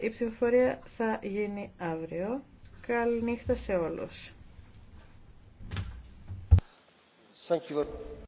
Η ψηφοφορία θα γίνει αύριο. Καληνύχτα σε όλους. Thank you.